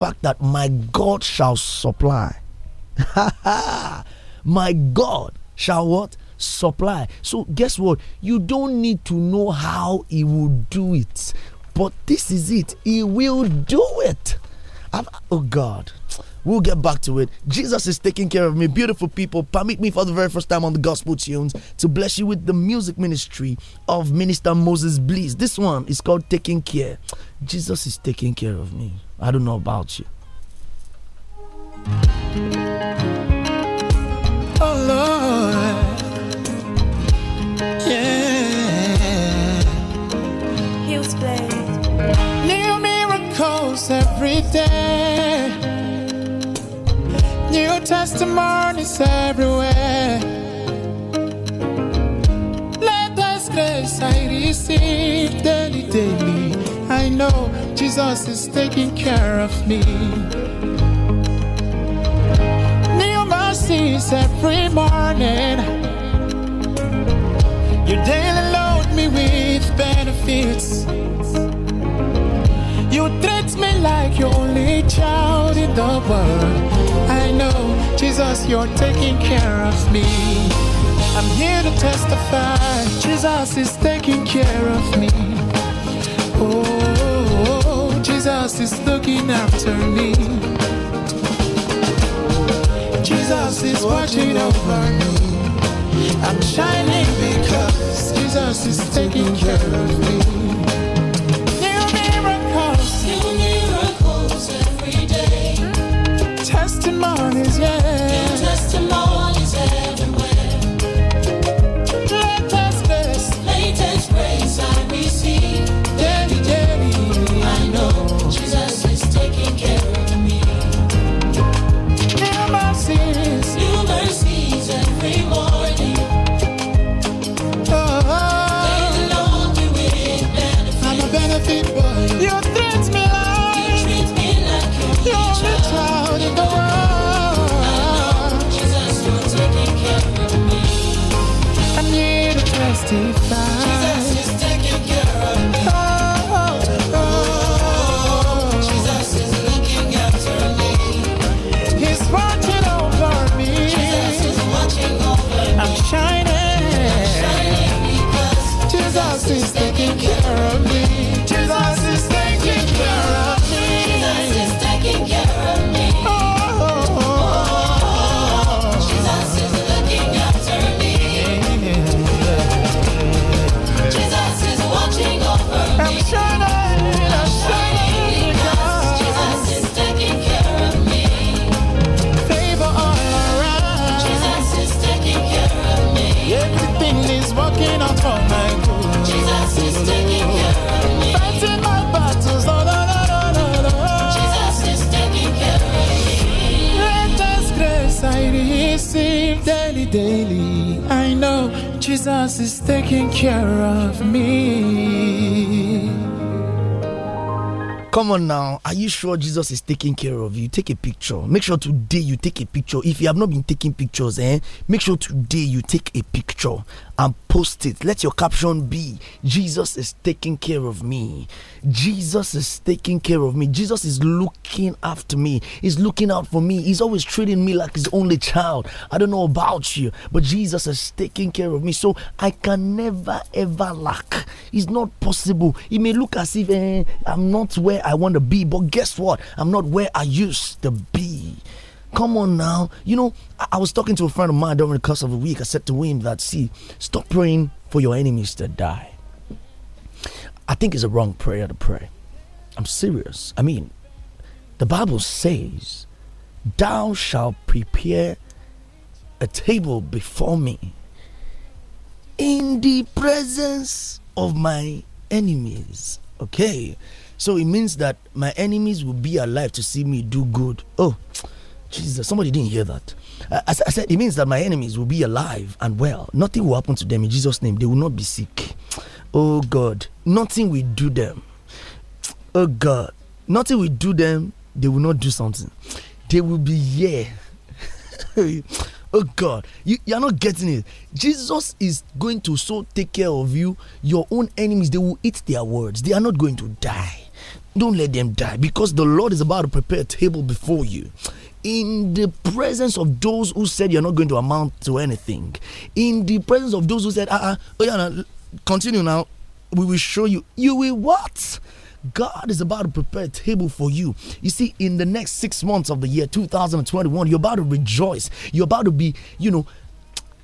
fact that my God shall supply. my God shall what? Supply. So, guess what? You don't need to know how He will do it. But this is it. He will do it. I've, oh, God. We'll get back to it. Jesus is taking care of me. Beautiful people, permit me for the very first time on the Gospel Tunes to bless you with the music ministry of Minister Moses Bliss. This one is called Taking Care. Jesus is taking care of me. I don't know about you. Oh Lord. Yeah. He'll New miracles every day. testimonies everywhere. Latest grace I receive daily, daily. I know Jesus is taking care of me. New mercies every morning. You daily load me with benefits. You treat me like your only child in the world. I know, Jesus, you're taking care of me. I'm here to testify, Jesus is taking care of me. Oh, Jesus is looking after me. Jesus is watching over me. I'm shining because Jesus is taking care of me. daily. I know Jesus is taking care of me. Come on now. Are you sure Jesus is taking care of you? Take a picture. Make sure today you take a picture. If you have not been taking pictures, eh, make sure today you take a picture and post it. Let your caption be Jesus is taking care of me. Jesus is taking care of me. Jesus is looking after me. He's looking out for me. He's always treating me like his only child. I don't know about you, but Jesus is taking care of me. So I can never ever lack. It's not possible. It may look as if eh, I'm not where I want to be, but guess what? I'm not where I used to be. Come on now. You know, I, was talking to a friend of mine during the course of a week. I said to him that, see, stop praying for your enemies to die. I think it's a wrong prayer to pray. I'm serious. I mean, the Bible says, Thou shalt prepare a table before me in the presence of my enemies. Okay. So it means that my enemies will be alive to see me do good. Oh, Jesus, somebody didn't hear that. I, I, said, it means that my enemies will be alive and well. Nothing will happen to them in Jesus' name. They will not be sick. Oh God, nothing will do them. Oh God, nothing will do them. They will not do something. They will be here. oh god you, you are not getting it jesus is going to so take care of you your own enemies they will eat their words they are not going to die don't let them die because the Lord is about to prepare a table before you in the presence of those who said you're not going to amount to anything, in the presence of those who said, uh, uh yeah, no, continue now, we will show you. You will what? God is about to prepare a table for you. You see, in the next six months of the year 2021, you're about to rejoice. You're about to be, you know,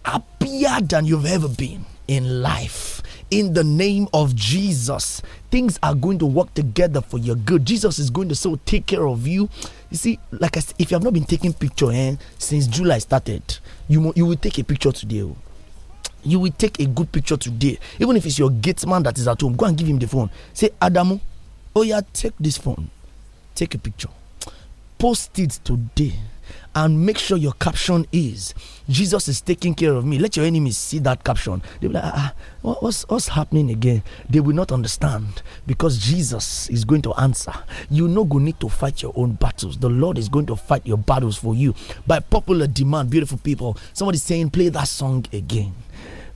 happier than you've ever been in life in the name of Jesus. Things are going to work together for your good. Jesus is going to so take care of you. You see, like I said, if you have not been taking picture eh, since July started, you you will take a picture today. Oh. You will take a good picture today, even if it's your gate man that is at home. Go and give him the phone. Say, Adamu, oh yeah, take this phone, take a picture, post it today and make sure your caption is Jesus is taking care of me. Let your enemies see that caption. They'll be like, ah, ah what's, what's happening again? They will not understand because Jesus is going to answer. You no go need to fight your own battles. The Lord is going to fight your battles for you by popular demand. Beautiful people. Somebody's saying, play that song again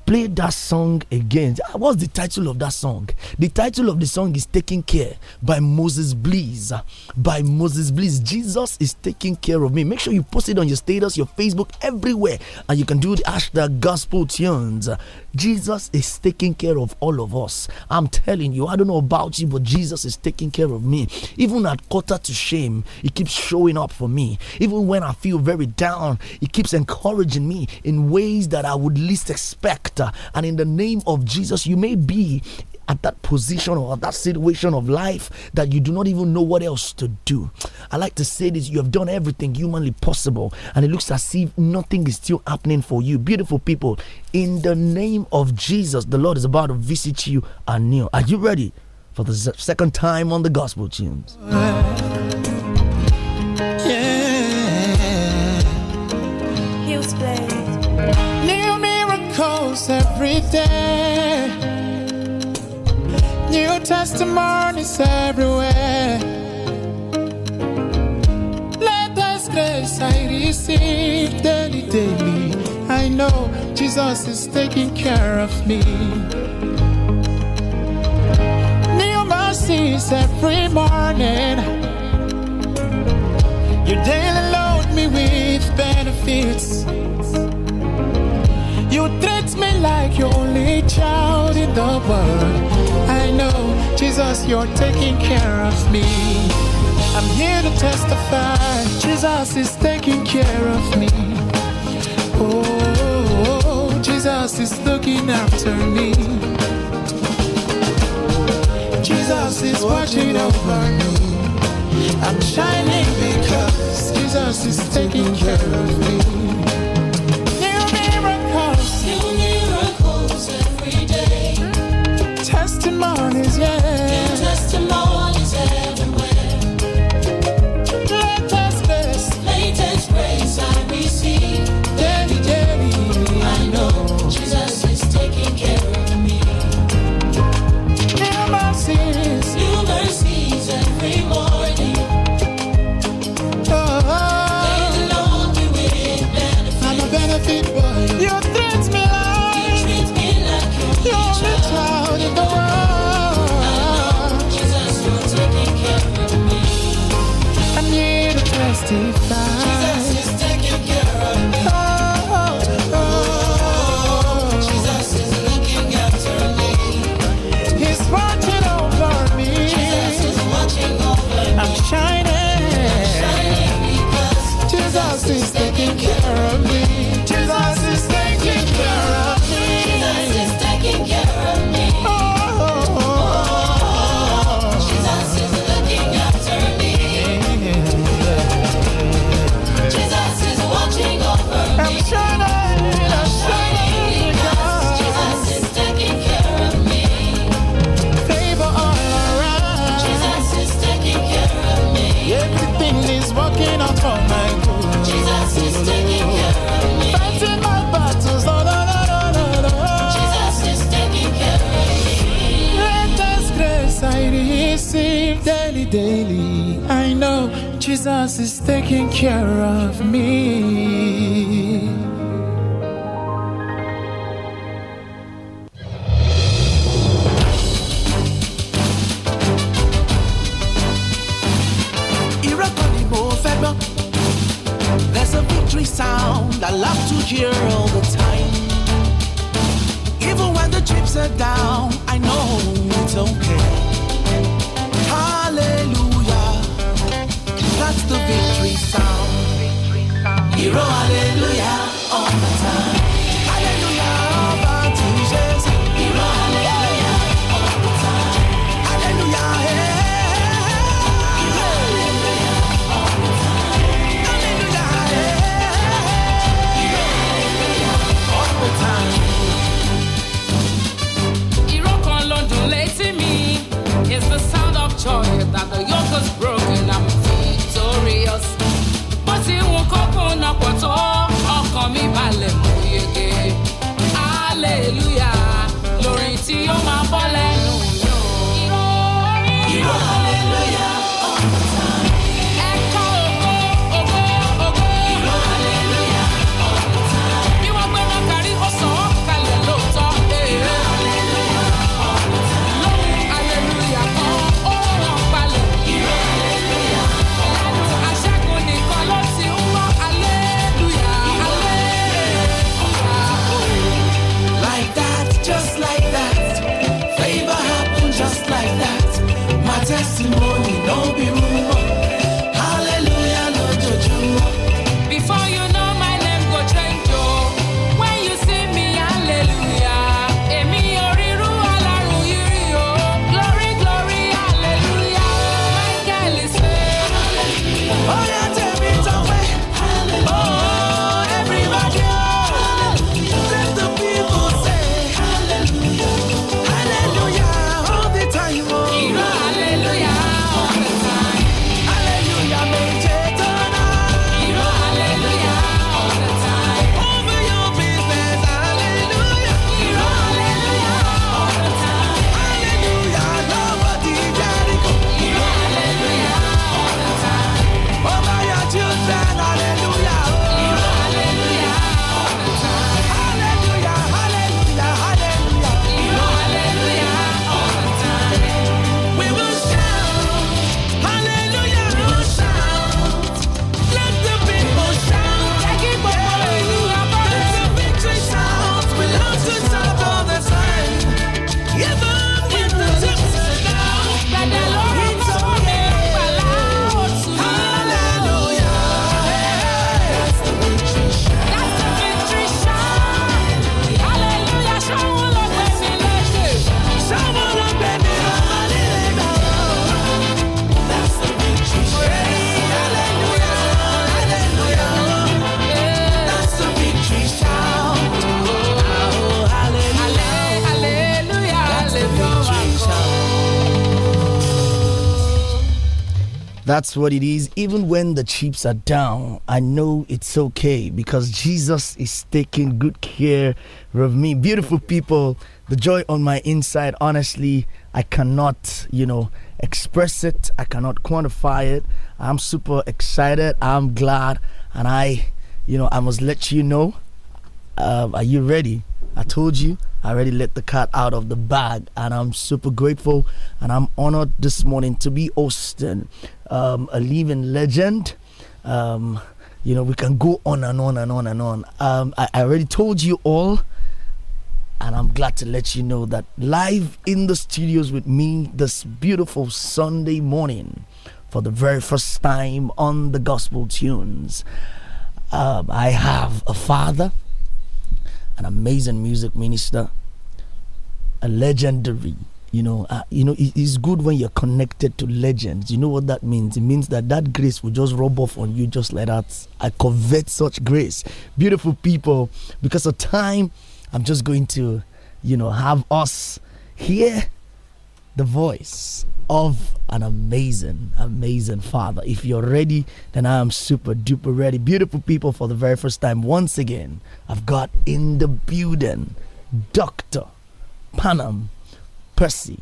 play that song again. What's the title of that song? The title of the song is Taking Care by Moses Bliss. By Moses Bliss. Jesus is taking care of me. Make sure you post it on your status, your Facebook, everywhere. And you can do the hashtag gospel tunes. Jesus is taking care of all of us. I'm telling you, I don't know about you, but Jesus is taking care of me. Even at quarter to shame, He keeps showing up for me. Even when I feel very down, He keeps encouraging me in ways that I would least expect. And in the name of Jesus, you may be at that position or that situation of life that you do not even know what else to do. I like to say this you have done everything humanly possible, and it looks as if nothing is still happening for you. Beautiful people, in the name of Jesus, the Lord is about to visit you anew. Are you ready for the second time on the gospel tunes? Yeah every day. New testimonies everywhere. Latest grace I receive daily, daily. I know Jesus is taking care of me. New mercies every morning. You daily load me with benefits. Treats treat me like your only child in the world. I know, Jesus, you're taking care of me. I'm here to testify, Jesus is taking care of me. Oh, Jesus is looking after me. Jesus is watching over me. I'm shining because Jesus is taking care of me. care of me. That's what it is. Even when the chips are down, I know it's okay because Jesus is taking good care of me. Beautiful people, the joy on my inside, honestly, I cannot, you know, express it. I cannot quantify it. I'm super excited. I'm glad. And I, you know, I must let you know. Uh, are you ready? I told you I already let the cat out of the bag, and I'm super grateful and I'm honored this morning to be Austin, um, a living legend. Um, you know, we can go on and on and on and on. Um, I, I already told you all, and I'm glad to let you know that live in the studios with me this beautiful Sunday morning for the very first time on the gospel tunes. Um, I have a father an amazing music minister, a legendary. You know, uh, you know, it's good when you're connected to legends. You know what that means? It means that that grace will just rub off on you just like that. I covet such grace, beautiful people. Because of time, I'm just going to, you know, have us hear the voice of an amazing, amazing father. If you're ready, then I am super duper ready. Beautiful people, for the very first time, once again, I've got in the building Dr. Panam Percy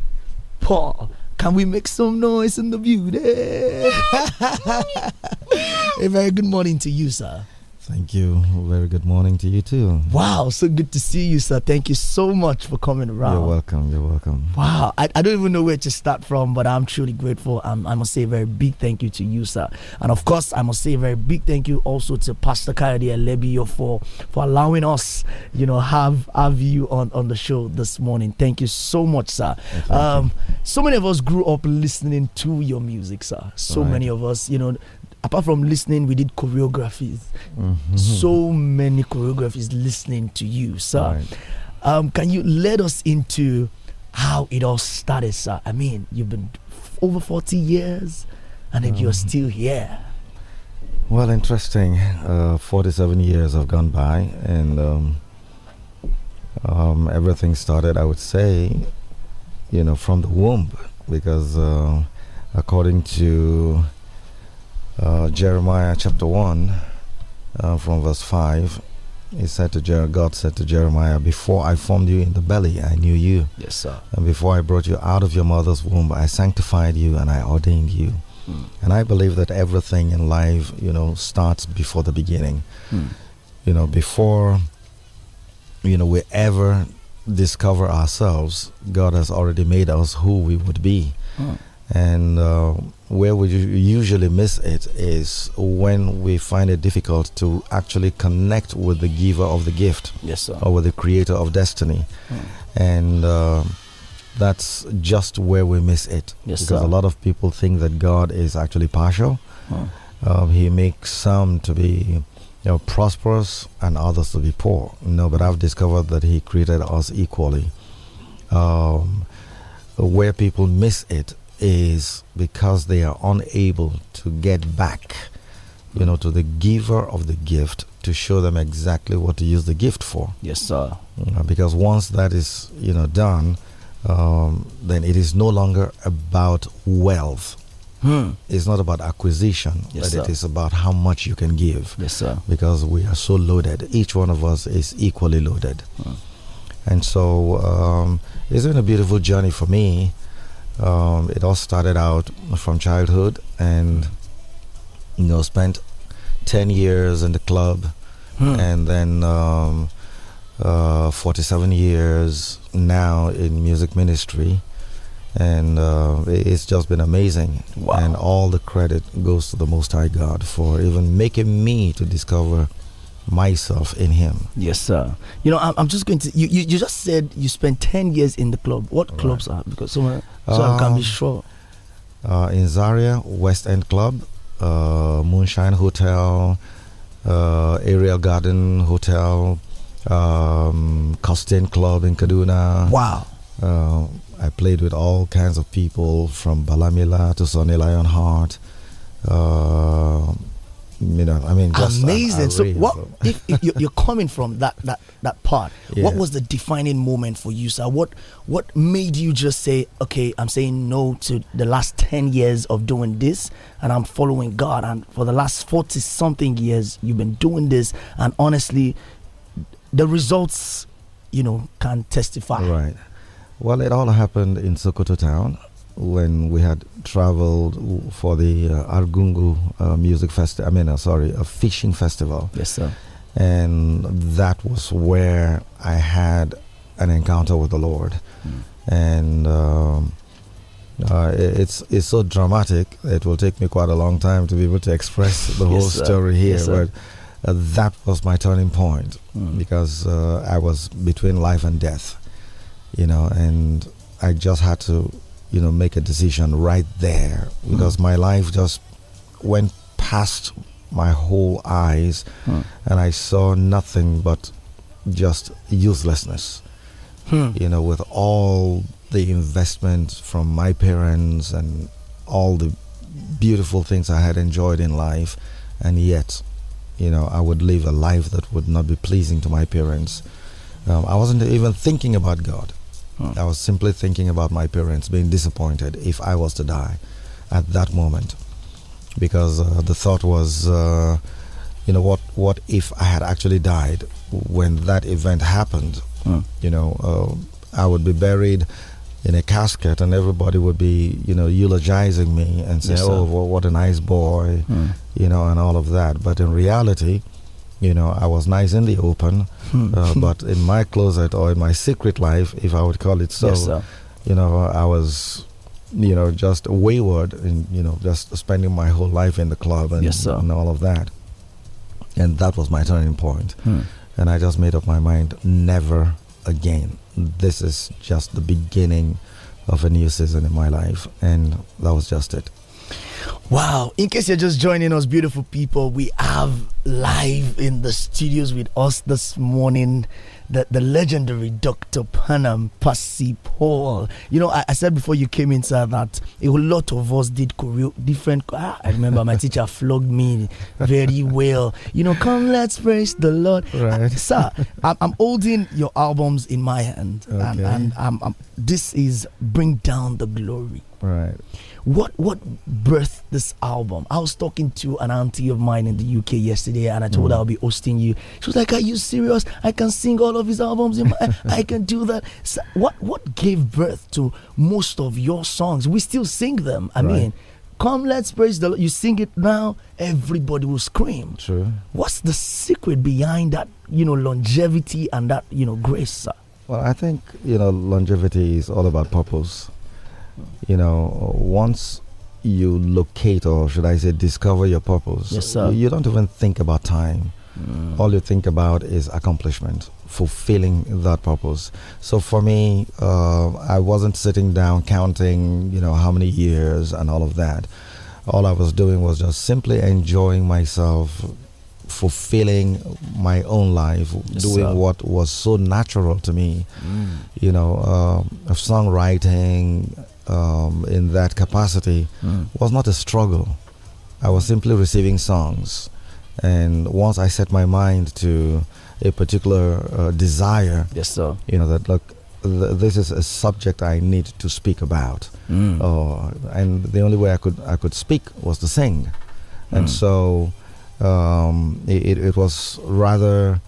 Paul. Can we make some noise in the building? a very good morning to you, sir. Thank you. Very good morning to you too. Wow, so good to see you, sir. Thank you so much for coming around. You're welcome. You're welcome. Wow, I, I don't even know where to start from, but I'm truly grateful. I'm, i must say a very big thank you to you, sir. And of course, I must say a very big thank you also to Pastor Kayode Alebio for for allowing us, you know, have have you on on the show this morning. Thank you so much, sir. Um, so many of us grew up listening to your music, sir. So right. many of us, you know, apart from listening, we did choreographies. Mm-hmm. So many choreographies listening to you, sir. Right. Um, can you let us into how it all started, sir? I mean, you've been f- over 40 years and um, you're mm. still here. Well, interesting. Uh, 47 years have gone by, and um, um, everything started, I would say, you know, from the womb, because uh, according to uh, Jeremiah chapter 1 uh, from verse 5 he said to Jer- God said to Jeremiah before I formed you in the belly I knew you yes sir and before I brought you out of your mother's womb I sanctified you and I ordained you mm. and I believe that everything in life you know starts before the beginning mm. you know before you know we ever discover ourselves God has already made us who we would be mm. And uh, where we usually miss it is when we find it difficult to actually connect with the giver of the gift, yes, sir. or with the creator of destiny, mm. and uh, that's just where we miss it. Yes, because sir. a lot of people think that God is actually partial. Mm. Uh, he makes some to be you know, prosperous and others to be poor. No, but I've discovered that He created us equally. Um, where people miss it is because they are unable to get back, you know, to the giver of the gift to show them exactly what to use the gift for. Yes, sir. Uh, because once that is, you know, done, um, then it is no longer about wealth. Hmm. It's not about acquisition, yes, but sir. it is about how much you can give. Yes, sir. Because we are so loaded. Each one of us is equally loaded. Hmm. And so um, it's been a beautiful journey for me. Um, it all started out from childhood and, you know, spent 10 years in the club hmm. and then um, uh, 47 years now in music ministry. And uh, it's just been amazing. Wow. And all the credit goes to the Most High God for even making me to discover myself in him. Yes, sir. You know, I'm, I'm just going to. You, you, you, just said you spent 10 years in the club. What right. clubs are? Because someone, so um, I can be sure. Uh, in Zaria, West End Club, uh, Moonshine Hotel, uh, Aerial Garden Hotel, um, Costain Club in Kaduna. Wow. Uh, I played with all kinds of people from Balamila to Sonny Lionheart. Uh, you know, I mean, amazing. so, what if, if you're coming from that that that part? Yeah. What was the defining moment for you, sir? What what made you just say, okay, I'm saying no to the last ten years of doing this, and I'm following God, and for the last forty something years, you've been doing this, and honestly, the results, you know, can testify. Right. Well, it all happened in Sokoto town when we had traveled for the uh, Argungu uh, music festival, I mean, uh, sorry, a fishing festival. Yes, sir. And that was where I had an encounter with the Lord. Mm. And um, uh, it's, it's so dramatic, it will take me quite a long time to be able to express the whole yes, story here. Yes, but uh, that was my turning point mm. because uh, I was between life and death, you know, and I just had to you know, make a decision right there because mm. my life just went past my whole eyes mm. and I saw nothing but just uselessness. Hmm. You know, with all the investment from my parents and all the beautiful things I had enjoyed in life, and yet, you know, I would live a life that would not be pleasing to my parents. Um, I wasn't even thinking about God. Mm. I was simply thinking about my parents being disappointed if I was to die at that moment, because uh, the thought was, uh, you know, what what if I had actually died when that event happened? Mm. You know, uh, I would be buried in a casket and everybody would be you know eulogizing me and say yes, oh well, what a nice boy mm. you know and all of that but in reality you know, I was nice in the open, uh, hmm. but in my closet or in my secret life, if I would call it so, yes, you know, I was, you know, just wayward and, you know, just spending my whole life in the club and, yes, and all of that. And that was my turning point. Hmm. And I just made up my mind never again. This is just the beginning of a new season in my life. And that was just it. Wow. In case you're just joining us, beautiful people, we have live in the studios with us this morning the, the legendary Dr. Panam Pasi Paul. You know, I, I, said before you came in, sir, that a lot of us did choreo different. Ah, I remember my teacher flogged me very well. You know, come, let's praise the Lord. Uh, right. Uh, sir, I'm, I'm, holding your albums in my hand, okay. and, and this is Bring Down the Glory. Right. What what birthed this album? I was talking to an auntie of mine in the UK yesterday, and I told mm. her I'll be hosting you. She was like, "Are you serious? I can sing all of his albums. My, I can do that." So what what gave birth to most of your songs? We still sing them. I right. mean, come, let's praise the Lord. You sing it now, everybody will scream. True. What's the secret behind that? You know, longevity and that you know grace. Sir? Well, I think you know longevity is all about purpose you know, once you locate or should I say discover your purpose, yes, sir. you don't even think about time. Mm. All you think about is accomplishment, fulfilling that purpose. So for me, uh, I wasn't sitting down counting, you know, how many years and all of that. All I was doing was just simply enjoying myself, fulfilling my own life, yes, doing sir. what was so natural to me. Mm. You know, uh, songwriting, um, in that capacity mm. was not a struggle. I was simply receiving songs. And once I set my mind to a particular uh, desire, yes, sir. you know, that look, th- this is a subject I need to speak about. Mm. Uh, and the only way I could, I could speak was to sing. And mm. so um, it, it was rather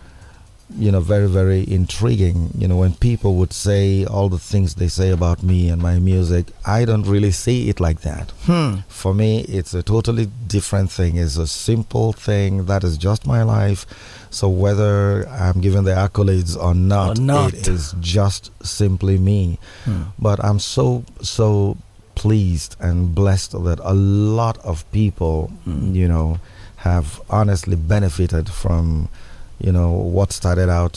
you know very very intriguing you know when people would say all the things they say about me and my music i don't really see it like that hmm. for me it's a totally different thing it's a simple thing that is just my life so whether i'm given the accolades or not, or not. it is just simply me hmm. but i'm so so pleased and blessed that a lot of people hmm. you know have honestly benefited from you know what started out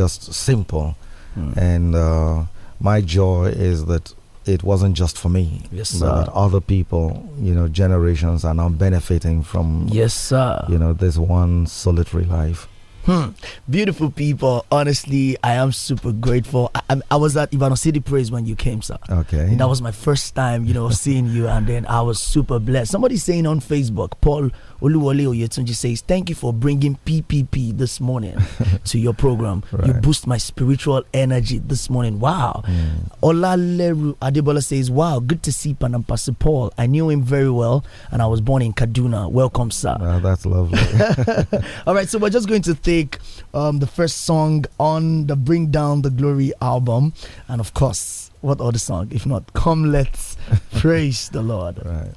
just simple, mm. and uh, my joy is that it wasn't just for me. Yes, sir. But other people, you know, generations are now benefiting from. Yes, sir. You know, this one solitary life. Hmm. Beautiful people. Honestly, I am super grateful. I, I, I was at Ivano City Praise when you came, sir. Okay. And that was my first time, you know, seeing you, and then I was super blessed. Somebody saying on Facebook, Paul Oluwole Oyetunji says, "Thank you for bringing PPP this morning to your program. Right. You boost my spiritual energy this morning. Wow." Mm. Olaleru Adebola says, "Wow, good to see Panam Pastor Paul. I knew him very well, and I was born in Kaduna. Welcome, sir." Wow, that's lovely. All right, so we're just going to think Drake, um, the first song on the Bring Down the Glory album. And of course, what other song if not Come Let's Praise the Lord? Right.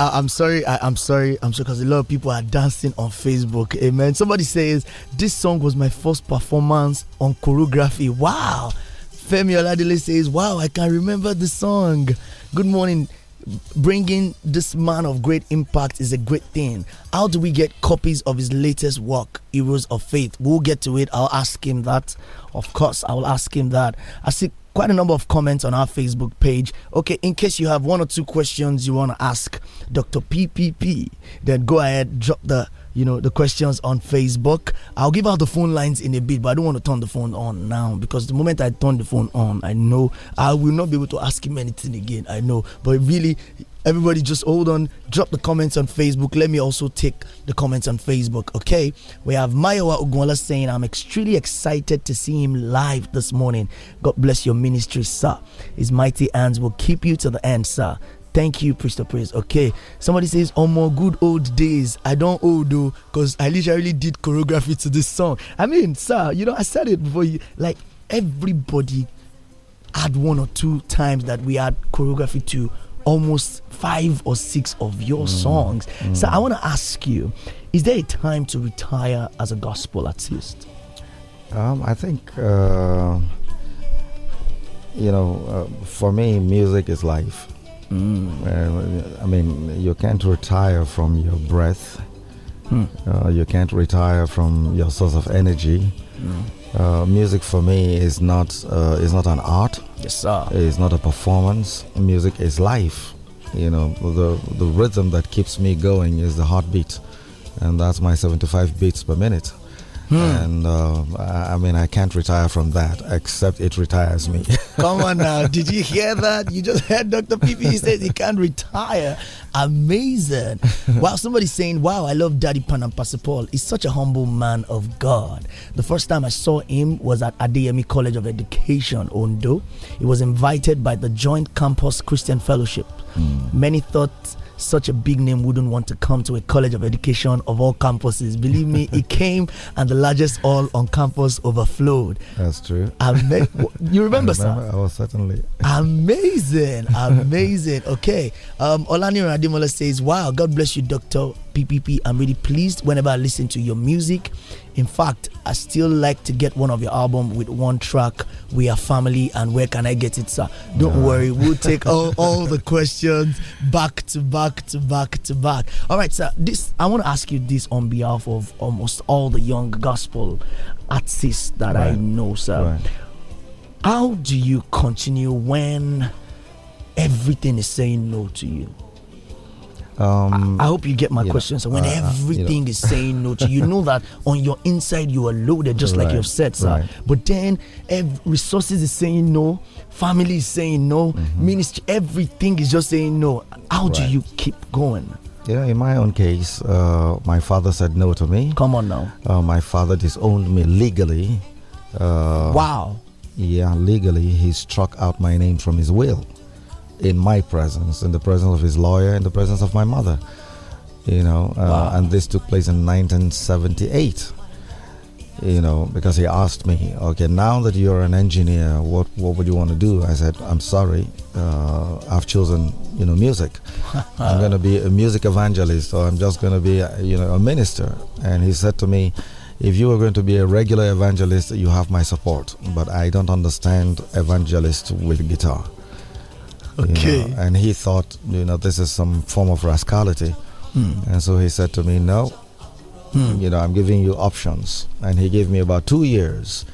I, am sorry. I, am sorry. I'm sorry because a lot of people are dancing on Facebook. Amen. Somebody says this song was my first performance on choreography. Wow. Femi Oladile says, "Wow, I can remember the song." Good morning. Bringing this man of great impact is a great thing. How do we get copies of his latest work, Heroes of Faith? We'll get to it. I'll ask him that. Of course, I will ask him that. I see quite a number of comments on our Facebook page. Okay, in case you have one or two questions you want to ask Dr. PPP. Then go ahead, drop the you know the questions on Facebook. I'll give out the phone lines in a bit, but I don't want to turn the phone on now because the moment I turn the phone on, I know I will not be able to ask him anything again. I know, but really, everybody just hold on, drop the comments on Facebook. Let me also take the comments on Facebook, okay? We have Mayowa Ugwala saying, I'm extremely excited to see him live this morning. God bless your ministry, sir. His mighty hands will keep you to the end, sir. Thank you, Priest of Praise. Okay. Somebody says, on more good old days. I don't owe though, because I literally did choreography to this song. I mean, sir, you know, I said it before you like everybody had one or two times that we had choreography to almost five or six of your mm. songs. Mm. So I want to ask you, is there a time to retire as a gospel artist? Um, I think uh, you know, uh, for me, music is life. Mm. Uh, I mean, you can't retire from your breath. Mm. Uh, you can't retire from your source of energy. Mm. Uh, music for me is not uh, is not an art. Yes, sir. It's not a performance. Music is life. You know, the the rhythm that keeps me going is the heartbeat, and that's my 75 beats per minute. Hmm. And uh, I mean, I can't retire from that except it retires me. Come on now. Did you hear that? You just heard Dr. PP. He says he can't retire. Amazing. Wow. Somebody's saying, wow, I love Daddy Pan and Pastor Paul. He's such a humble man of God. The first time I saw him was at Adeyemi College of Education, Ondo. He was invited by the Joint Campus Christian Fellowship. Hmm. Many thought such a big name wouldn't want to come to a college of education of all campuses. Believe me, he came and the largest hall on campus overflowed. That's true. Ama- you remember, I remember, sir? I was certainly. amazing, amazing. Okay. Um, Olani Radimola says, Wow, God bless you, Doctor PPP. I'm really pleased whenever I listen to your music. In fact, I still like to get one of your album with one track. We are family, and where can I get it, sir? Don't worry, we'll take all, all the questions back to back to back to back. All right, sir. This I want to ask you this on behalf of almost all the young gospel artists that right. I know, sir. Right. How do you continue when everything is saying no to you? Um, I, I, hope you get my you question. Know, so when uh, uh everything is saying no to you, know that on your inside you are loaded, just right, like you've said, sir. Right. But then resources is saying no, family is saying no, mm-hmm. ministry, everything is just saying no. How right. do you keep going? Yeah, in my own case, uh, my father said no to me. Come on now. Uh, my father disowned me legally. Uh, wow. Yeah, legally, he struck out my name from his will in my presence, in the presence of his lawyer, in the presence of my mother. You know, uh, wow. and this took place in 1978. You know, because he asked me, okay, now that you're an engineer, what what would you want to do? I said, I'm sorry, uh, I've chosen, you know, music. I'm going to be a music evangelist, or I'm just going to be, you know, a minister. And he said to me, if you are going to be a regular evangelist, you have my support. But I don't understand evangelists with guitar. Okay. You know, and he thought, you know, this is some form of rascality. Mm. And so he said to me, no, mm. you know, I'm giving you options. And he gave me about two years,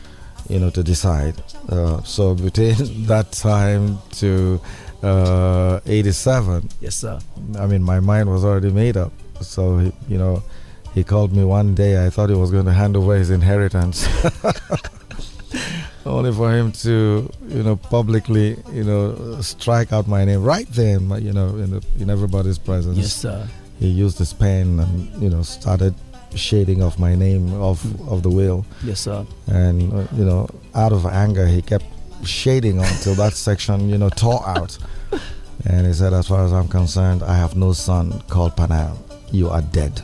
you know, to decide. Uh, so between that time to uh, 87, yes, sir. I mean, my mind was already made up. So, he, you know, he called me one day. I thought he was going to hand over his inheritance. only for him to you know publicly you know strike out my name right then you know in, the, in everybody's presence yes sir he used his pen and you know started shading off my name off of the wheel yes sir and uh, you know out of anger he kept shading until that section you know tore out and he said as far as i'm concerned i have no son called panam you are dead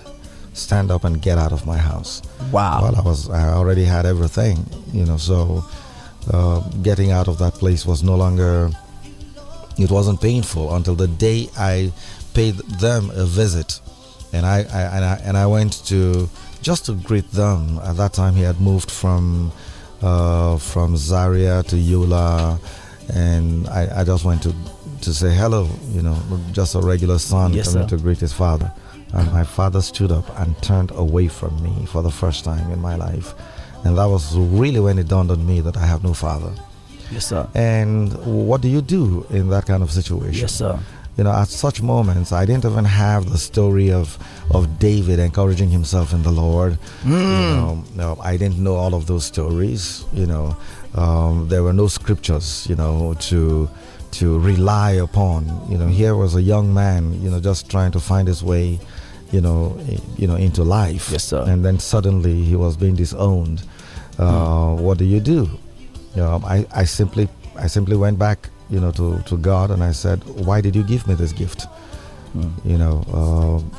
stand up and get out of my house wow well i was i already had everything you know so uh, getting out of that place was no longer it wasn't painful until the day I paid them a visit and I, I, and I and I went to just to greet them at that time he had moved from uh, from Zaria to Yola and I, I just went to to say hello you know just a regular son yes, coming sir. to greet his father and my father stood up and turned away from me for the first time in my life and that was really when it dawned on me that I have no father. Yes, sir. And what do you do in that kind of situation? Yes, sir. You know, at such moments, I didn't even have the story of, of David encouraging himself in the Lord. Mm. You know, no, I didn't know all of those stories. You know, um, there were no scriptures. You know, to to rely upon. You know, here was a young man. You know, just trying to find his way you know, you know, into life. Yes, sir. And then suddenly he was being disowned. Uh, mm. What do you do? You know, I, I simply I simply went back, you know, to, to God and I said, Why did you give me this gift? Mm. You know, uh,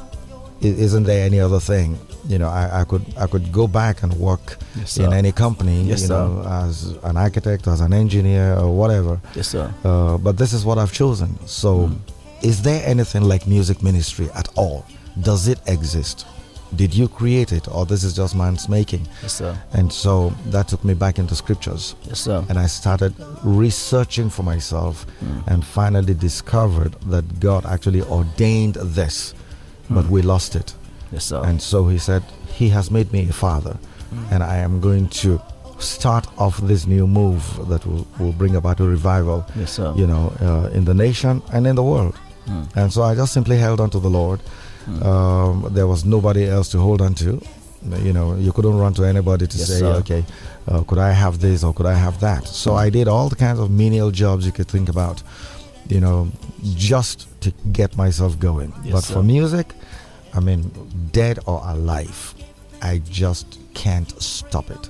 isn't there any other thing? You know, I, I could I could go back and work yes, in any company, yes, you sir. know, as an architect, as an engineer, or whatever. Yes, sir. Uh, but this is what I've chosen. So, mm. is there anything like music ministry at all? does it exist? Did you create it, or this is just man's making? Yes, sir. And so that took me back into scriptures. Yes, sir. And I started researching for myself, mm. and finally discovered that God actually ordained this, mm. but hmm. we lost it. Yes, sir. And so He said, He has made me a father, mm. and I am going to start off this new move that will, will bring about a revival, yes, you know, uh, in the nation and in the world. Mm. And so I just simply held on to the Lord. Mm. Um, there was nobody else to hold on to. You know, you couldn't run to anybody to yes, say, sir. okay, uh, could I have this or could I have that? So I did all the kinds of menial jobs you could think about, you know, just to get myself going. Yes, but sir. for music, I mean, dead or alive, I just can't stop it.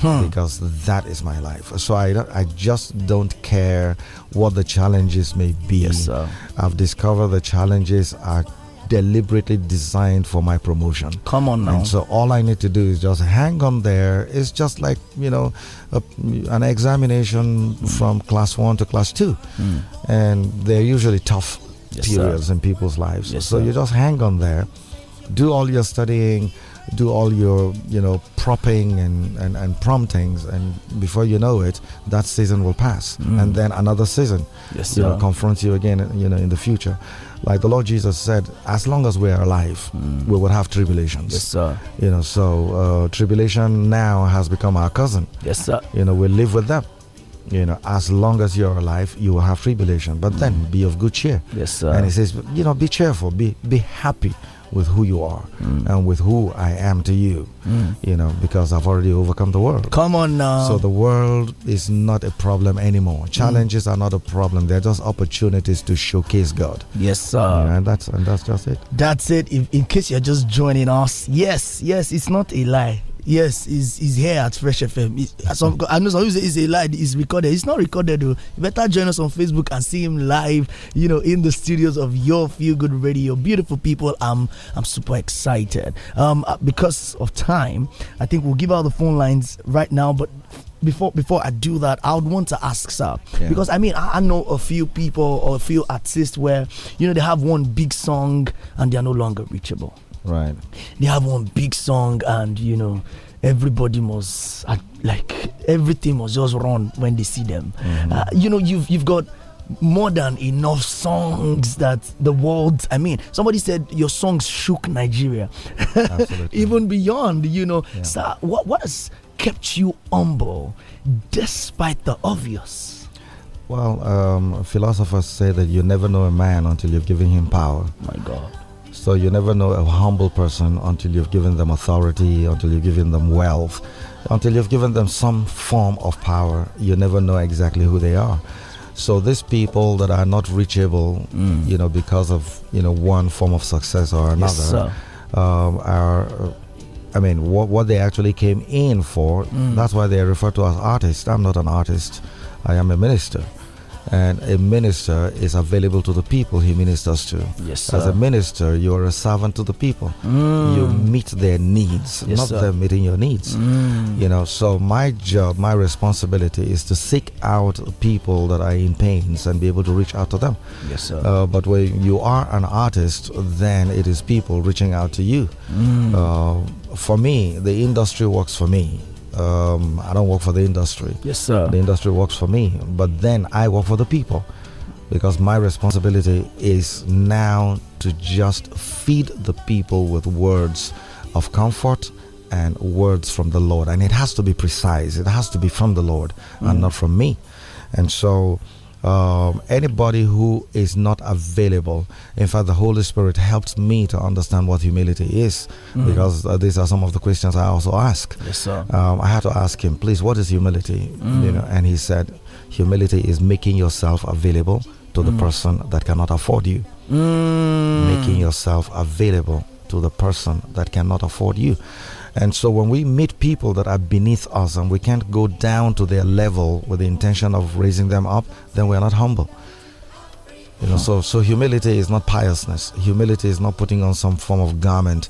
Hmm. because that is my life. So I, I just don't care what the challenges may be. Yes, I've discovered the challenges are deliberately designed for my promotion. Come on now. And so all I need to do is just hang on there. It's just like you know, a, an examination mm. from class one to class two, mm. and they're usually tough yes, periods sir. in people's lives. Yes, so sir. you just hang on there, do all your studying. Do all your, you know, propping and, and, and promptings, and before you know it, that season will pass, mm. and then another season, yes, confronts you again, you know, in the future like the Lord Jesus said, as long as we are alive, mm. we will have tribulations. Yes, sir. You know, so uh, tribulation now has become our cousin. Yes, sir. You know, we live with them. You know, as long as you're alive, you will have tribulation. But mm. then be of good cheer. Yes, sir. And he says, you know, be cheerful, be be happy with who you are mm. and with who I am to you. Mm. You know, because I've already overcome the world. Come on now. So the world is not a problem anymore. Mm. Challenges mm. are not a problem. They're just opportunities to showcase God. Yes, sir. Yeah, and that's and that's just it. That's it. If, in case you're just joining us, yes, yes, it's not a lie. Yes, he's, he's here at Fresh FM. some, I know some he's a lie. It's recorded. It's not recorded. Though. You better join us on Facebook and see him live. You know, in the studios of your Feel Good Radio. Beautiful people. I'm I'm super excited. Um, uh, because of time, I think we'll give out the phone lines right now. But before before I do that, I would want to ask sir yeah. because I mean I, I, know a few people or a few artists where you know they have one big song and they are no longer reachable. Right. They have one big song, and you know, everybody must like everything must just run when they see them. Mm-hmm. Uh, you know, you've you've got more than enough songs that the world i mean somebody said your songs shook nigeria even beyond you know yeah. so what, what has kept you humble despite the obvious well um, philosophers say that you never know a man until you've given him power my god so you never know a humble person until you've given them authority, until you've given them wealth, until you've given them some form of power. You never know exactly who they are. So these people that are not reachable, mm. you know, because of you know one form of success or another, yes, um, are I mean, what, what they actually came in for. Mm. That's why they refer to as artists. I'm not an artist. I am a minister and a minister is available to the people he ministers to. Yes, sir. As a minister, you are a servant to the people. Mm. You meet their needs, yes, not sir. them meeting your needs. Mm. You know, so my job, my responsibility is to seek out people that are in pains and be able to reach out to them. Yes, sir. Uh, but when you are an artist, then it is people reaching out to you. Mm. Uh, for me, the industry works for me um, I don't work for the industry. Yes, sir. The industry works for me, but then I work for the people because my responsibility is now to just feed the people with words of comfort and words from the Lord. And it has to be precise, it has to be from the Lord mm. and not from me. And so um, anybody who is not available. In fact, the Holy Spirit helps me to understand what humility is mm. because uh, these are some of the questions I also ask. Yes, sir. Um, I had to ask him, please, what is humility? Mm. You know, and he said, humility is making yourself available to mm. the person that cannot afford you. Mm. Making yourself available to the person that cannot afford you. And so when we meet people that are beneath us and we can't go down to their level with the intention of raising them up, then we're not humble. You know, so so humility is not piousness. Humility is not putting on some form of garment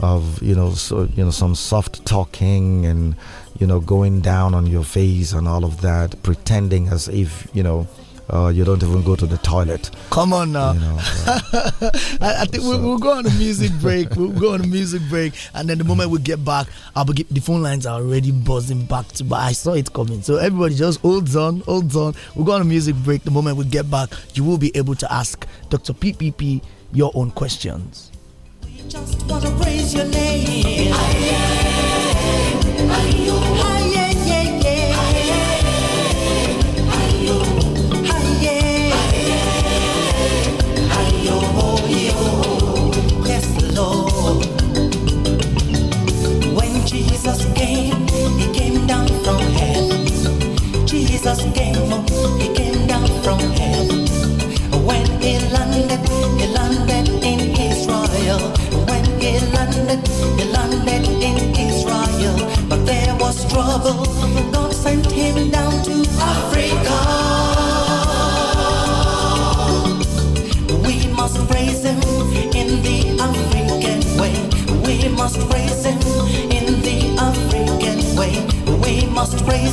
of you know so, you know some soft talking and you know going down on your face and all of that, pretending as if you know uh, you don't even go to the toilet. Come on now. You know, uh, I, I, think so. we'll, we'll, go on a music break. we'll go on a music break, and then the moment we get back, I'll be, the phone lines are already buzzing back to. But I saw it coming, so everybody just holds on, holds on. We'll go on a music break. The moment we get back, you will be able to ask Dr. PPP your own questions. Jesus came, he came down from heaven. Jesus came,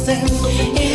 dancing.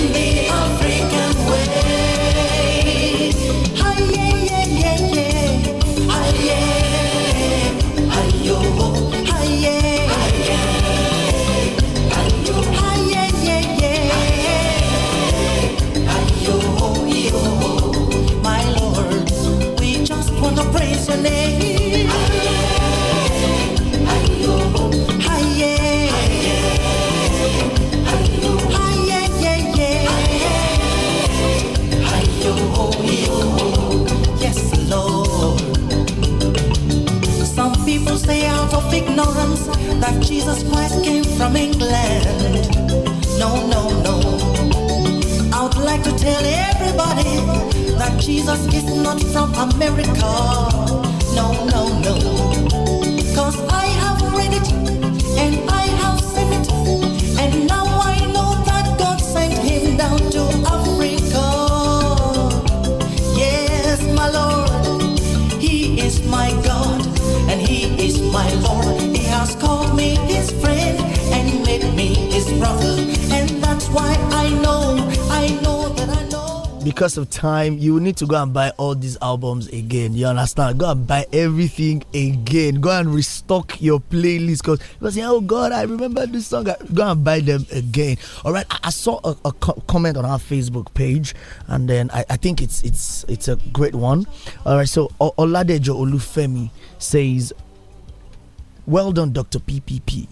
ignorance that Jesus Christ came from England. No, no, no. I would like to tell everybody that Jesus is not from America. No, no, no. Cause I is my Lord. He has called me his friend and made me his brother. And that's why I know, I know that I know. Because of time, you need to go and buy all these albums again. You understand? Go and buy everything again. Go and restock your playlist because you say, "Oh God, I remember this song." Go and buy them again. All right. I, saw a, a comment on our Facebook page, and then I, I, think it's it's it's a great one. All right. So Oladejo Olufemi says well done, Dr. PPP.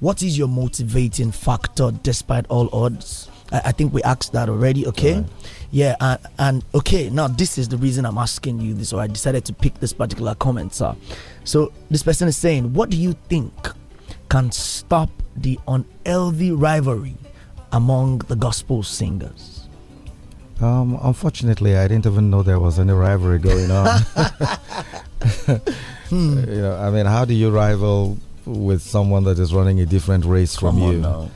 What is your motivating factor despite all odds? I, I think we asked that already, okay? Right. Yeah, and, and, okay, now this is the reason I'm asking you this, or I decided to pick this particular comment, sir. So this person is saying, What do you think can stop the unhealthy rivalry among the gospel singers? Um, unfortunately, I didn't even know there was any rivalry going on. hmm. You know, I mean, how do you rival with someone that is running a different race from you? Now.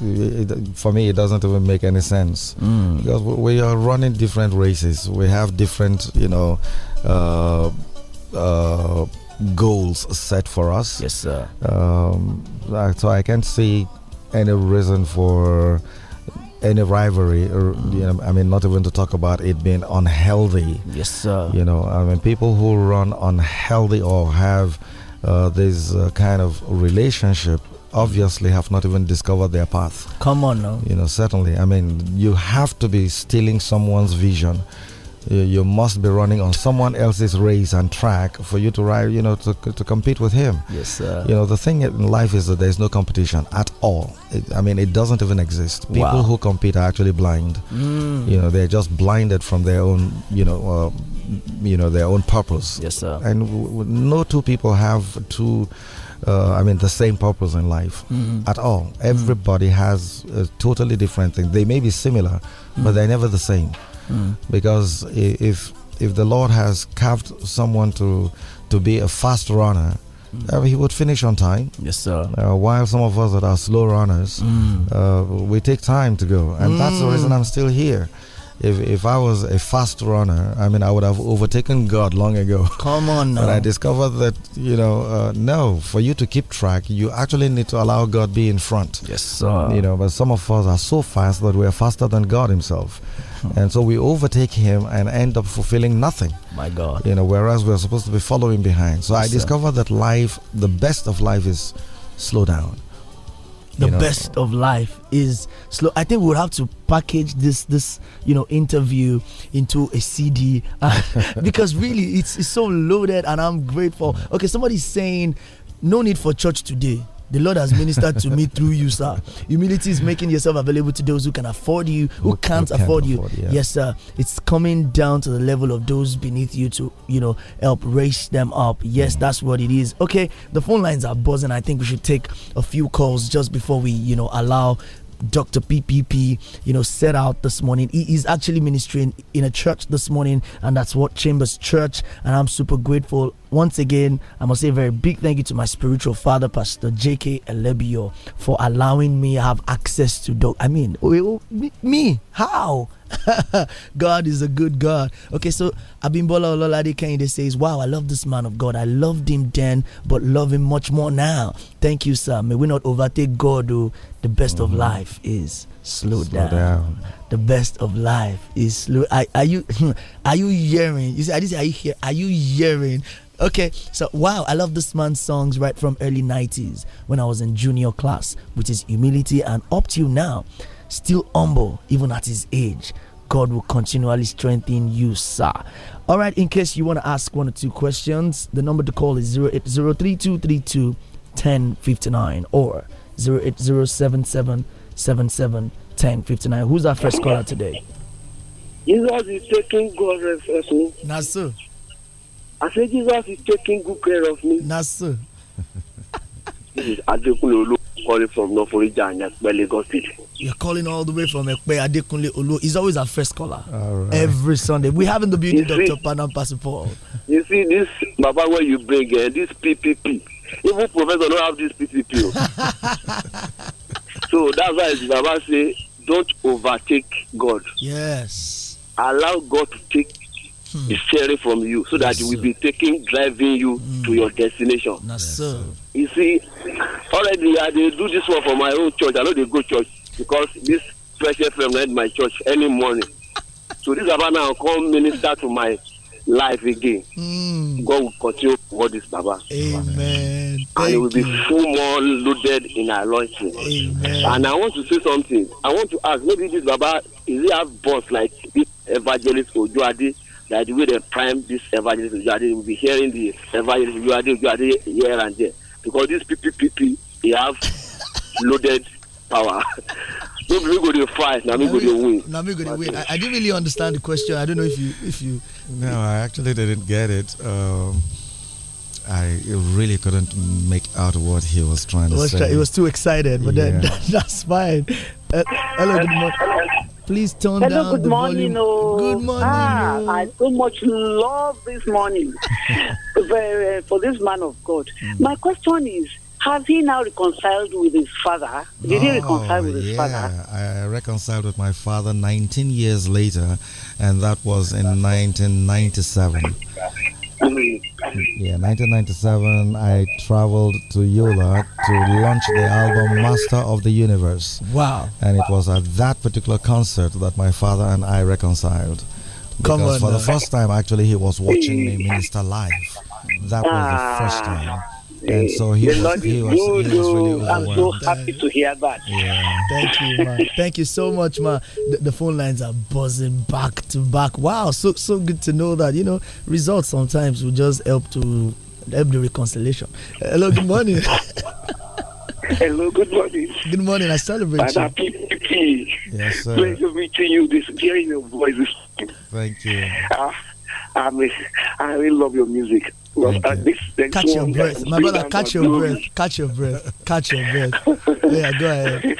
It, for me, it doesn't even make any sense mm. because we are running different races. We have different, you know, uh, uh, goals set for us. Yes, sir. Um, uh, so I can't see any reason for any rivalry, or uh, you know, I mean, not even to talk about it being unhealthy. Yes, sir. You know, I mean, people who run unhealthy or have uh, this uh, kind of relationship obviously have not even discovered their path. Come on now. You know, certainly. I mean, you have to be stealing someone's vision you, must be running on someone else's race and track for you to ride, you know, to, to compete with him. Yes, sir. You know, the thing in life is that there's no competition at all. It, I mean, it doesn't even exist. People wow. who compete are actually blind. Mm. You know, they're just blinded from their own, you know, uh, you know, their own purpose. Yes, sir. And w- w- no two people have two. Uh, I mean, the same purpose in life mm-hmm. at all. Everybody mm-hmm. has a totally different thing. They may be similar, mm-hmm. but they're never the same because if if the Lord has carved someone to to be a fast runner, Mm. Uh, he would finish on time. Yes, sir. Uh, while some of us that are slow runners, mm. uh, we take time to go, and mm. that's the reason mm. I'm still here. If, if I was a fast runner, I mean, I would have overtaken God long ago. Come on now. But I discovered that, you know, uh, no, for you to keep track, you actually need to allow God be in front. Yes, sir. You know, but some of us are so fast that we are faster than God Himself. Hmm. And so we overtake him and end up fulfilling nothing. My God. You know, whereas we're supposed to be following behind. So yes, I discovered that life, the best of life is slow down. The you know? best of life is slow. I think we'll have to package this this you know interview into a CD because really it's, it's so loaded and I'm grateful. Okay, somebody's saying no need for church today. The Lord has ministered to me through you, sir. Humility is making yourself available to those who can afford you, who, who can't who can afford, you. yeah. Yes, sir. It's coming down to the level of those beneath you to, you know, help raise them up. Yes, mm. that's what it is. Okay, the phone lines are buzzing. I think we should take a few calls just before we, you know, allow Dr. PPP, you know, set out this morning. He is actually ministering in a church this morning, and that's what Chambers Church. And I'm super grateful once again, I must say a very big thank you to my spiritual father, Pastor J.K. Elebio, for allowing me have access to. dog. I mean, oh, oh, me? How? God is a good God. Okay, so Abimbola Ololade Kende says, Wow, I love this man of God. I loved him then, but love him much more now. Thank you, sir. May we not overtake God, who oh. the best mm-hmm. of life is slow, slow down. down. The best of life is slow. Are, are you are you hearing? You see, I just are you here? are you hearing Okay, so wow, I love this man's songs right from early 90s when I was in junior class, which is humility and up till now, still humble even at his age. God will continually strengthen you, sir. All right, in case you want to ask one or two questions, the number to call is 0803232 1059 or 08077 Who's our first caller today? Jesus is taking God's responsibility. Nasu. I say Jesus is taking good care of me. That's so. this is Adekunle Olu calling from Noforija and Ekpe Lagos city. You're calling all the way from Ekpe Adekunle Olu. He's always our first caller. Right. Every Sunday. We have in the building Dr. See, Panam Pasipol. You see this Baba where you bring uh, this PPP. Even professor don't have this PPP. Oh. so that's why Baba say don't overtake God. Yes. Allow God to take hmm. is sharing from you so that yes, will be taking driving you hmm. to your destination. Yes, sir. You see, already I they do this one for my own church. I know they go church because this fresh FM led my church any morning. so this Baba now come minister to my life again. Mm. God will continue what this Baba. Amen. And it will be full more loaded in our loyalty. And I want to say something. I want to ask maybe this Baba is he have boss like this evangelist Ojuade? that the way prime this evangelism, you are will be hearing the evangelism, you are, you are here and there. Because these PPPP, they have loaded power. no be go dey fight na me go dey win. na me go dey win I, didn't really understand the question i don't know if you if you. no i actually didn't get it um, I really couldn't make out what he was trying to say. Try, he was too excited, but yeah. then that's fine. Uh, hello, good morning. Please turn Hello, down good the morning, volume. Oh. Good morning. Ah, oh. I so much love this morning for, for, this man of God. Mm. My question is. Has he now reconciled with his father? Did oh, he reconcile with his yeah. father? I reconciled with my father 19 years later, and that was in 1997. Yeah, 1997, I traveled to Yola to launch the album Master of the Universe. Wow. And it was at that particular concert that my father and I reconciled. Because on, for the first time, actually, he was watching me minister live. That was the first ah. time. And so he the was, he was, good. He was really I'm so happy to hear that. Yeah. Thank you, man. Thank you so much, man. The, the, phone lines are buzzing back to back. Wow, so so good to know that. You know, results sometimes will just help to help the reconciliation. Hello, good morning. Hello, good morning. Good morning. I celebrate and you. Happy PP. Yes, sir. Pleasure meeting you. This hearing your voice. Thank you. Uh, I'm a, I really love your music. Well, uh, this, catch your breath, my brother. Catch your breath. Catch your breath. Catch your breath. yeah, go ahead.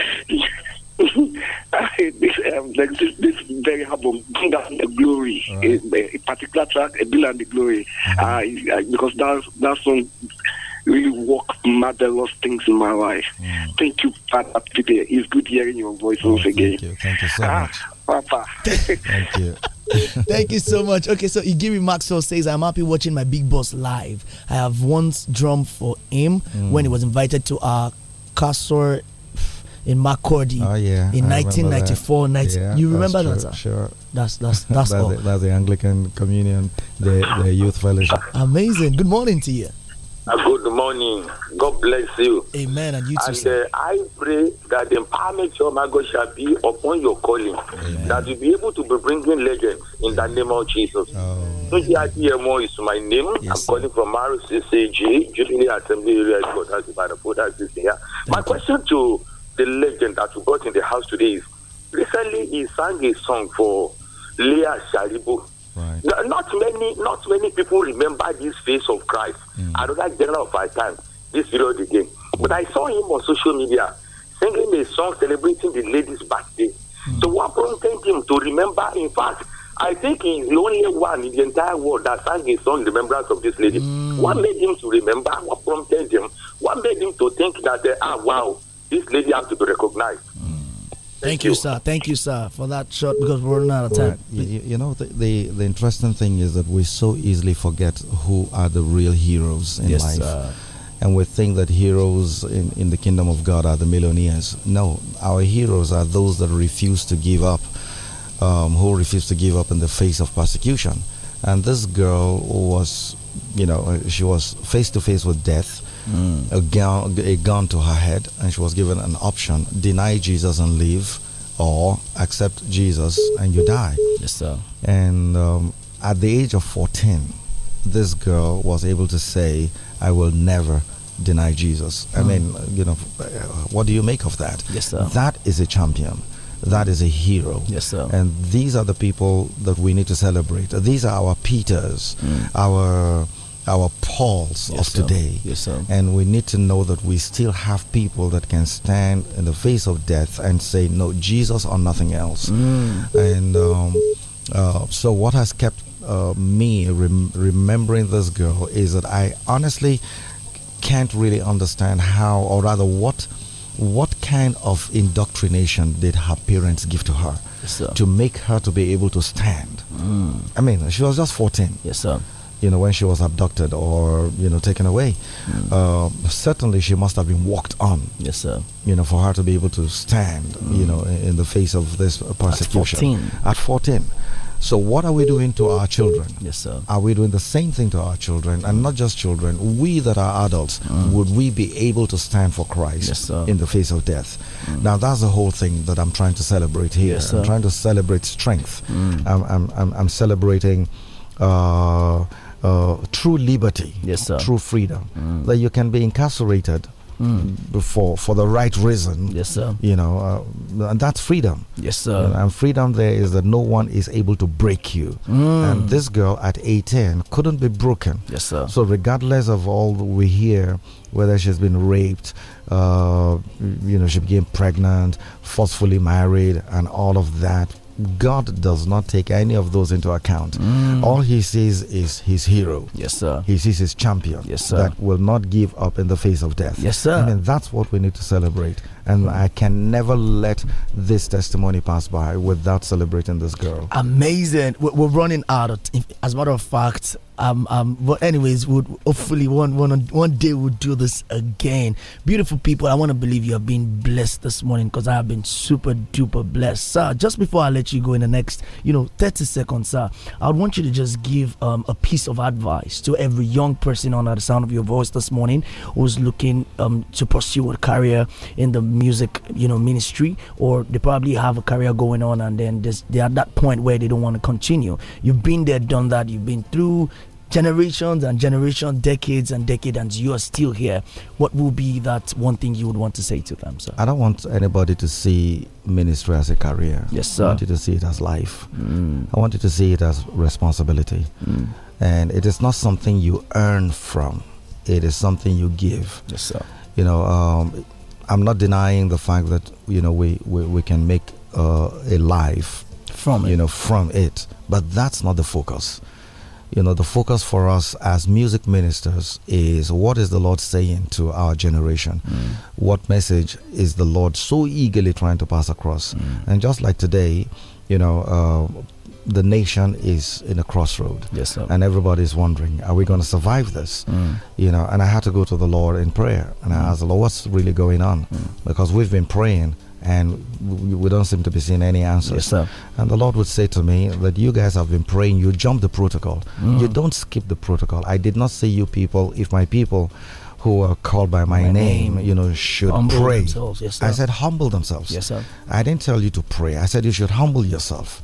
this, um, this, this very album, Bring Down the Glory, right. a, a, particular track, Bill and the Glory, mm-hmm. uh, because that, that song really work marvelous things in my life. Mm. Thank you, Father Peter. It's good hearing your voice oh, once again. Thank you. Thank you so ah, much. Papa. Thank you. Thank you so much. Okay, so Igiri Maxwell says, I'm happy watching my big boss live. I have once drummed for him mm. when he was invited to our castle in Macordy oh, yeah. in I 1994. 19, yeah, you remember that? True, sure. That's that's that's, that's all. The, that's the Anglican Communion, the, the youth fellowship. Amazing. Good morning to you good morning. God bless you. Amen. And you too. And uh, I pray that the empowerment of my God shall be upon your calling. Amen. That you be able to be bringing legends in Amen. the name of Jesus. Oh. Suji is my name. Yes, I'm calling from RCCG, Jubilee Assembly Area Headquarters, here. My question to the legend that you got in the house today is recently he sang a song for Leah Sharibu. Right. not many, not many people remember this face of Christ. Mm. Another general of our time, this video again. But I saw him on social media singing a song celebrating the lady's birthday. Mm. So what prompted him to remember? In fact, I think he's the only one in the entire world that sang a song in remembrance of this lady. Mm. What made him to remember? What prompted him? What made him to think that uh, ah wow, this lady has to be recognized? Mm. Thank, you, sir. Thank you, sir, for that shot because we're running out of time. Right. You, you, know, the, the, the, interesting thing is that we so easily forget who are the real heroes in yes, life. Sir. And we think that heroes in, in the kingdom of God are the millionaires. No, our heroes are those that refuse to give up, um, who refuse to give up in the face of persecution. And this girl was, you know, uh, she was face to face with death Mm. A, gun, a gun to her head, and she was given an option deny Jesus and leave, or accept Jesus and you die. Yes, sir. And um, at the age of 14, this girl was able to say, I will never deny Jesus. Mm. I mean, you know, what do you make of that? Yes, sir. That is a champion. That is a hero. Yes, sir. And these are the people that we need to celebrate. These are our Peters, mm. our our pulse yes, of sir. today. Yes, sir. And we need to know that we still have people that can stand in the face of death and say, no, Jesus or nothing else. Mm. And um, uh, so, what has kept uh, me rem- remembering this girl is that I honestly can't really understand how, or rather, what what kind of indoctrination did her parents give to her yes, to make her to be able to stand? Mm. I mean, she was just 14. Yes, sir you know, when she was abducted or, you know, taken away. Mm. Uh, certainly she must have been walked on. Yes, sir. You know, for her to be able to stand, mm. you know, in, the face of this persecution. At 14. At 14. So what are we doing to our children? Yes, sir. Are we doing the same thing to our children, and not just children? We that are adults, mm. would we be able to stand for Christ yes, in the face of death? Mm. Now that's the whole thing that I'm trying to celebrate here. Yes, I'm trying to celebrate strength. Mm. I'm, I'm, I'm, I'm, celebrating. Uh, uh, true liberty, yes, sir. true freedom. Mm. That you can be incarcerated mm. for for the right reason. Yes, sir. You know, uh, and that's freedom. Yes, sir. And freedom there is that no one is able to break you. Mm. And this girl at 18 couldn't be broken. Yes, sir. So regardless of all we hear, whether she's been raped, uh, you know, she became pregnant, forcefully married, and all of that, God does not take any of those into account. Mm. All he sees is his hero. Yes, sir. He sees his champion. Yes, sir. That will not give up in the face of death. Yes, sir. I mean, that's what we need to celebrate. And I can never let this testimony pass by without celebrating this girl. Amazing. We're running out. As a matter of fact, um, um, but anyways, would we'll, hopefully one one one day we'll do this again. Beautiful people, I want to believe you have been blessed this morning because I have been super duper blessed, sir. Just before I let you go in the next, you know, thirty seconds, sir, I want you to just give um, a piece of advice to every young person under the sound of your voice this morning who's looking um, to pursue a career in the music, you know, ministry, or they probably have a career going on, and then they're at that point where they don't want to continue. You've been there, done that. You've been through generations and generations, decades and decades, and you are still here. What will be that one thing you would want to say to them, sir? I don't want anybody to see ministry as a career. Yes, sir. I want you to see it as life. Mm. I want you to see it as responsibility. Mm. And it is not something you earn from, it is something you give. Yes, sir. You know, um, I'm not denying the fact that you know we we, we can make uh, a life from you it. know from it, but that's not the focus. You know, the focus for us as music ministers is what is the Lord saying to our generation? Mm. What message is the Lord so eagerly trying to pass across? Mm. And just like today, you know, uh, the nation is in a crossroad. Yes, sir. And everybody's wondering, are we going to survive this? Mm. You know, and I had to go to the Lord in prayer. And I mm. asked the Lord, what's really going on? Mm. Because we've been praying and we don't seem to be seeing any answers. Yes, sir. And the Lord would say to me that you guys have been praying, you jump the protocol. Mm. You don't skip the protocol. I did not say you people, if my people who are called by my, my name, name, you know, should humble pray. Yes, I said humble themselves. Yes, sir. I didn't tell you to pray. I said you should humble yourself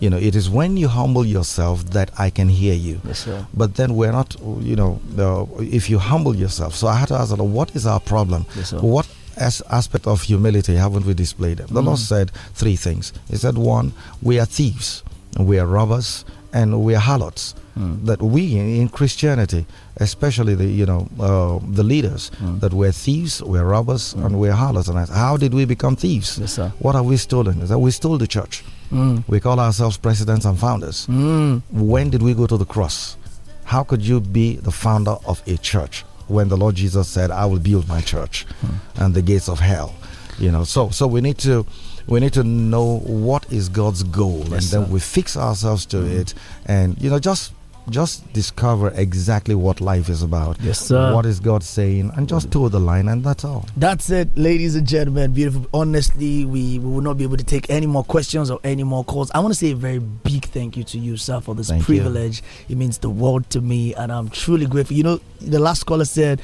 you know, it is when you humble yourself that I can hear you. Yes, sir. But then we're not, you know, uh, if you humble yourself. So I had to ask Allah, what is our problem? Yes, what as aspect of humility haven't we displayed? The mm. Lord said three things. He said, one, we are thieves, we are robbers, and we are harlots. Mm. That we in Christianity, especially the you know uh, the leaders, mm. that we're thieves, we're robbers, mm. and we're harlots. And I, how did we become thieves? Yes, what have we stolen? Is that we stole the church? Mm. We call ourselves presidents and founders. Mm. When did we go to the cross? How could you be the founder of a church when the Lord Jesus said, "I will build my church mm. and the gates of hell"? You know, so so we need to we need to know what is God's goal, yes, and then sir. we fix ourselves to hmm. it, and you know, just just discover exactly what life is about. Yes, sir. What is God saying? And just toe the line, and that's all. That's it, ladies and gentlemen. Beautiful. Honestly, we, we will not be able to take any more questions or any more calls. I want to say a very big thank you to you, sir, for this thank privilege. You. It means the world to me, and I'm truly grateful. You know, the last caller said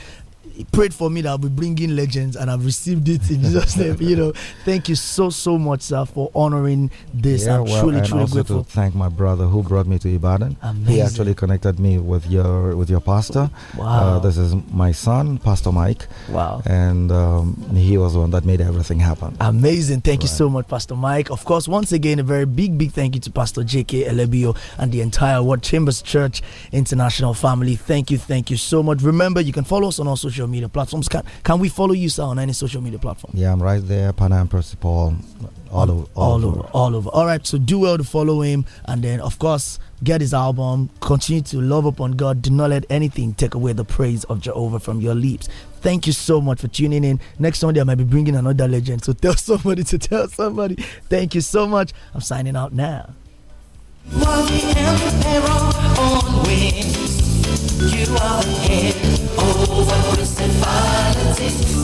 he prayed for me that I'll be bringing legends, and I've received it in Jesus' name. You know, thank you so so much, sir, for honoring this. Yeah, I'm well, truly, and truly also grateful. To thank my brother who brought me to Ibadan. Amazing. He actually connected me with your with your pastor. Wow. Uh, this is my son, Pastor Mike. Wow. And um, he was the one that made everything happen. Amazing. Thank right. you so much, Pastor Mike. Of course, once again, a very big, big thank you to Pastor J.K. Elebio and the entire Word Chambers Church International family. Thank you, thank you so much. Remember, you can follow us on our social social media platforms. Can can we follow you, sir, on any social media platform? Yeah, I'm right there, Panam Principal, all, over, all, all over, over, all over. All right, so do well to follow him, and then of course get his album. Continue to love upon God. Do not let anything take away the praise of Jehovah from your lips. Thank you so much for tuning in. Next Sunday, I might be bringing another legend. So tell somebody to tell somebody. Thank you so much. I'm signing out now. You are the head over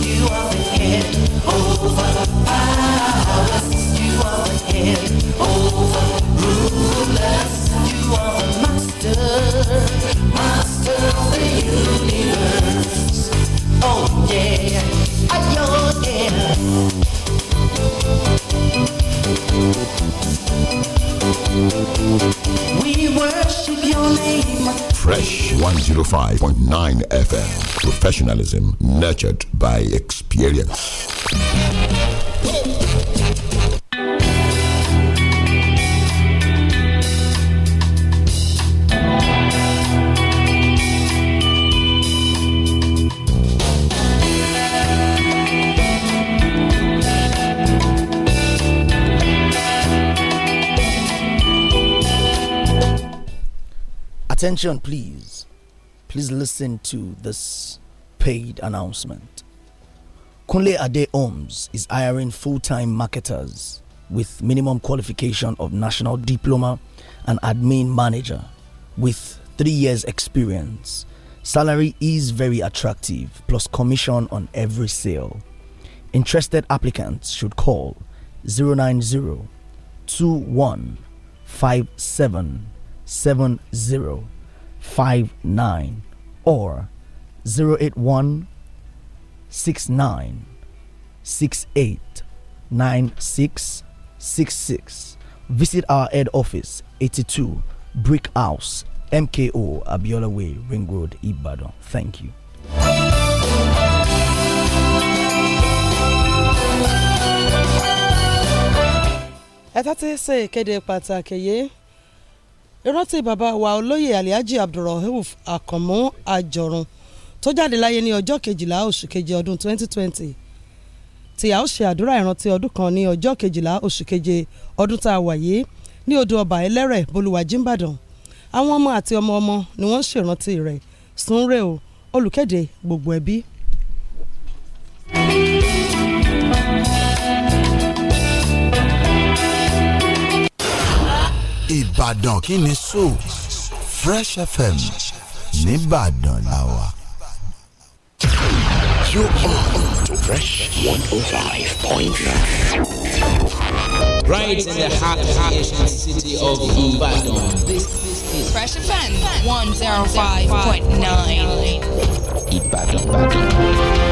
You are the head over powers. You are the head over rulers. FM. Professionalism nurtured by experience. Attention, please. Please listen to this paid announcement. Kunle Ade Oms is hiring full time marketers with minimum qualification of national diploma and admin manager with three years experience. Salary is very attractive, plus commission on every sale. Interested applicants should call 090 Five nine, or zero eight eight one six six nine nine six six six. Visit our head office eighty two Brick House, MKO, Abiola Way, Ring Road, Ibadan. Thank you. ẹ tá ti ṣe ìkéde pàtàkì yìí ìrántí bàbá wa olóyè alihaji abdulrahuf àkànmú àjọrun tó jáde láyé ní ọjọ́ kejìlá oṣù keje ọdún 2020 tí a ó ṣe àdúrà ìrántí ọdún kan ní ọjọ́ kejìlá oṣù keje ọdún tá a wà yìí ní odò ọba ẹlẹ́rẹ̀ bolùwàjì ìbàdàn àwọn ọmọ àti ọmọ ọmọ ni wọ́n ń ṣèrántí rẹ̀ sunre o olùkéde gbogbo ẹbí. Ìbàdàn kí ni so Fresh FM nìbàdàn la wà. You are to Fresh 105.9. Right in the heart of the city of Ibadan. This is Fresh FM 105.9. Ibadan. Ibadan.